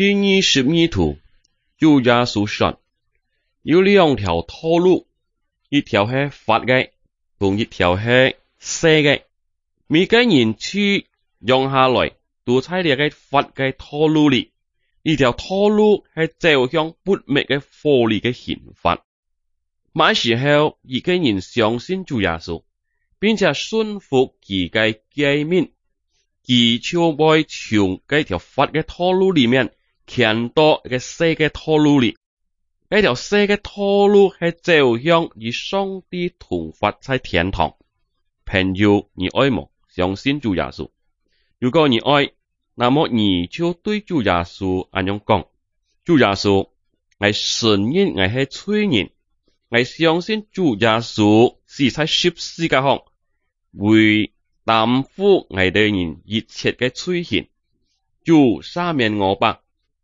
第二十二圖主耶穌說，主主有兩條道路，一條係佛嘅，同一條係聖嘅。每個人去用下來，都猜你嘅佛嘅道路里。呢條道路係走向不滅嘅佛力嘅顯法。買時候，一個人上信做耶穌，並且信服自己誡命，就超過從呢條佛嘅道路裏面。強多嘅世界套路呢？呢條世界套路係走向與上帝同發在天堂。朋友你愛冇？相信主耶穌，如果你愛，那麼你就對主耶穌咁樣講。主耶穌係神恩，係係罪人，係相信主耶穌死在十字架上，為擔負 𠊎 等人一切嘅罪行。主三面我白。